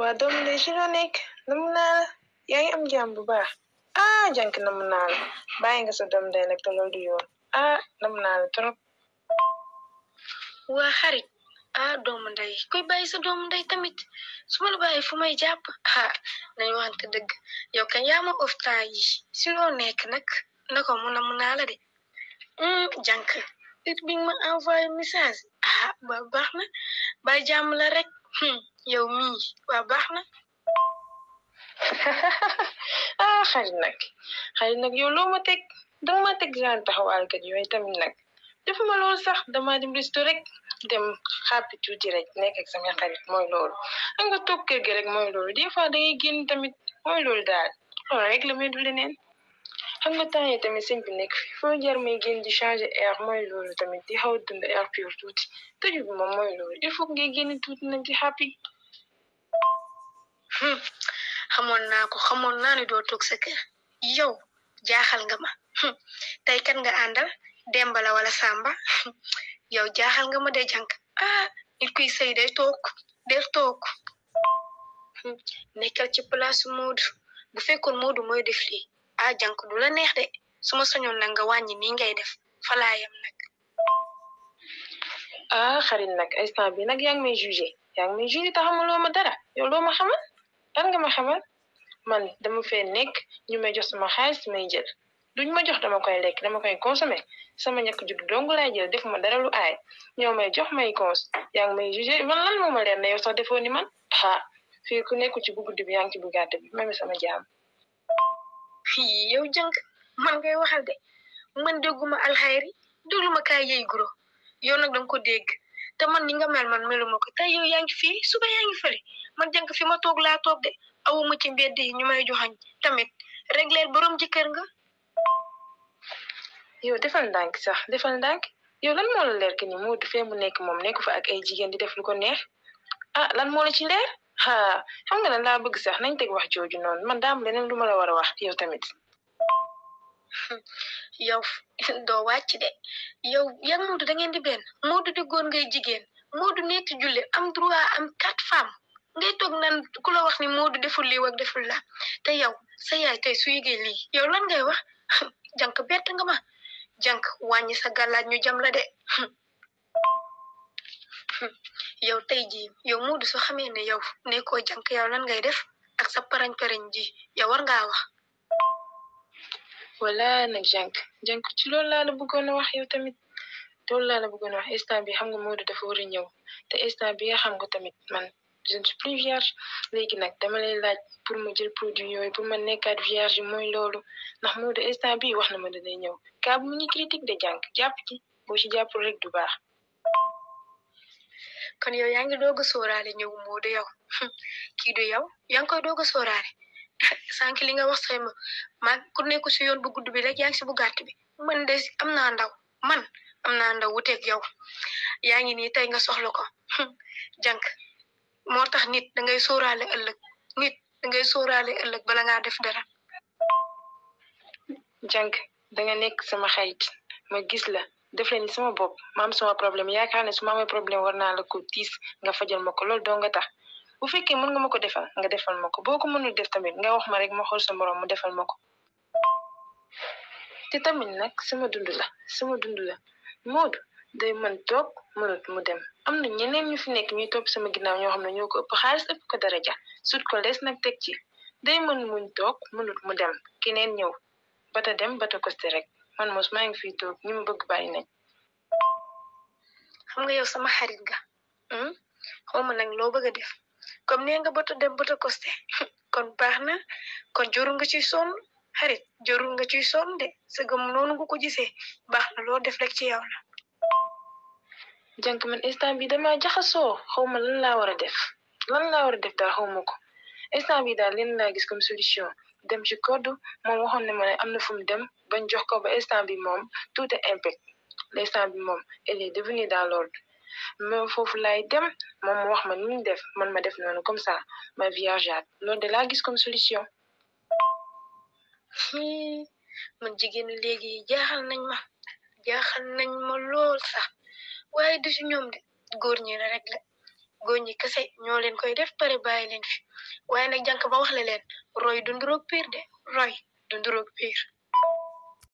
wadom le jiranik namnal yang am jambu ba ah jank namnal bayin ga sodom da electoral duyo ah namnal trop wa harit a ah, domandai koy bayi sa domandai tamit sumal bayi fu may japp ha nañ wante deug yow kan yama ofta yi si lo nek nak nako muna muna la de mm jank it bi ma envoyer message ah ba baxna ba jam la rek hmm yow mii waa baax na ah xarit nag xarit nag yow ma teg danga ma teg genre taxawaalkat yooyu tamit nag defu ma loolu sax damaa dem resto rek dem xa tuuti rek nekk ak sama xarit mooy loolu da nga toog kër gi rek mooy loolu des fois da génn tamit mooy loolu daal loolu rek la may du leneen xam nga temps yi tamit sëñ bi nekk fi foo jar may génn di changer air mooy loolu tamit di xaw dund air pur tuuti tëju bi moom mooy loolu il faut ngay génn tuuti nag di xàppi Hmm, xamoon naa ko xamoon naa ne doo toog sa kër jaaxal nga ma hmm, tey kan nga àndal dembala wala Samba hmm, yow jaaxal nga ma de jànk ah nit kuy sëy toog day toog nekkal ci place Moodu bu fekkoon Moodu moy def lii a ah, jànk du la neex de su ma soñoon nag nga wàññi nii ngay def falaayam nag. ah xarit nag instant bi nag yaa may jugé yaa may jugé te xamuloo dara yow loo ma lan nga ma xamal man dama fee nekk ñu may jox sama xaalis may jël duñ ma jox dama koy lekk dama koy consommé sama ñàkk jug dong laay jël def ma dara lu aay ñoo may jox may cons yaa ngi may jugé man lan moo ma leer na yow sax defoo ni man ah fii ku nekku ci guddi bi bu gàtt bi mami sama jaam. yow jëng man ngay waxal de man dégguma alxayri déglu ma kaay yey guro yow nag ko dégg te man ni nga mel man meluma ko tey yow yaa ngi fii suba yaa man jànk fi ma toog laa toog de awuma ci mbedd yi ñu may joxañ tamit régler borom ci kër nga. yow defal ndànk sax defal ndànk yow lan moo la leer que ni moo du fee mu nekk moom nekk fa ak ay di def lu ko neex a ah, lan moo la ci leer ah xam nga na laa bëgg sax nañ teg wax jooju noonu man daam leneen lu ma la war a wax yow tamit. yow doo wàcc de yow yaa ngi Moodu da ngeen di benn Moodu di góor ngay jigéen Moodu nekk julli am droit am quatre femmes. ngay tok nan ku la wax ni Moodu deful li wak deful la te yow sa yaay tay su yëgee li yow lan ngay wax jank bet nga ma jank wàññi sa gàllaaj ñu jam la de yow tay ji yow Moodu so xamee ne yow ne ko jank yow lan ngay def ak sa parañ parañ ji yow war nga wax wala nag jank jank ci loolu la la bëggoon wax yow tamit loolu la la bëggoon wax instant bi xam nga Moodu dafa war a te instant bi xam nga tamit man je ne suis plus vierge léegi nag dama lay laaj pour ma jël produit yooyu pour ma nekkaat vierge mooy loolu ndax moo de instant wax na ma danay ñëw kaa bu mu ngi critique de jàng jàpp ci boo ci jàppul rek du baax kon yow yaa ngi doog a sóoraale ñëw moo du yow kii du yow yaa ngi koy doog a sóoraale sànq li nga wax say ma maa ku nekk si yoon bu gudd bi rek yaa ngi si bu gàtt bi man de am naa ndaw man am naa ndaw wuteeg yow yaa ngi nii tey nga soxla ko moo tax nit da ngay sóoraale ëllëg nit da ngay sóoraale ëllëg bala ngaa def dara. jàng da nga nekk sama xayit ma gis la def leen ni sama bopp ma am sama problème yaakaar ne su ma amee problème war naa la ko tiis nga fajal ma ko loolu doo nga tax bu fekkee mën nga ma ko defal nga defal ma ko boo ko mënul def tamit nga wax ma rek mo xool sa morom mu defal ma ko. te tamit nag sama dund la sama dund la day mën toog mënut mu dem am na ñeneen ñu fi nekk ñuy topp sama ginnaaw ñoo xam ne ñoo ko ëpp xaalis ëpp ko daraja suut ko lees nag teg ci day mën muñ toog mënut mu dem keneen ñëw bata dem bata koste rek man mos maa ngi fii toog ñu mu bëgg bàyyi nañ xam nga yow sama xarit ga hmm? xaw ma nag loo bëgg a def comme nee nga bata dem bata koste kon baax na kon joru nga ci sonn xarit joru nga ci sonn de sa gëm noonu nga ko gisee baax na loo def rek ci yow la jànk man instant bi dama jaxasoo xawma lan laa war a def lan laa war a def daal xawma ko instant bi daal leen laa gis comme solution dem ci code moom waxoon ne ma ne am na fu mu dem bañ jox ko instant bi moom tout est impec l'instant bi moom elle est devenue dans l'ordre mais foofu laay dem moom mu wax ma ni mu def man ma def noonu comme ça ma viageat loolu de laa gis comme solution ma man jigéenu léegi jaaxal nañ ma jaaxal nañ ma lool sax waaye du si de góor ñi la rek la góor ñi kese ñoo leen koy def pare bàyyi leen fi waaye nag jànk ba wax la leen roy dunduroog piir de roy dunduroog piir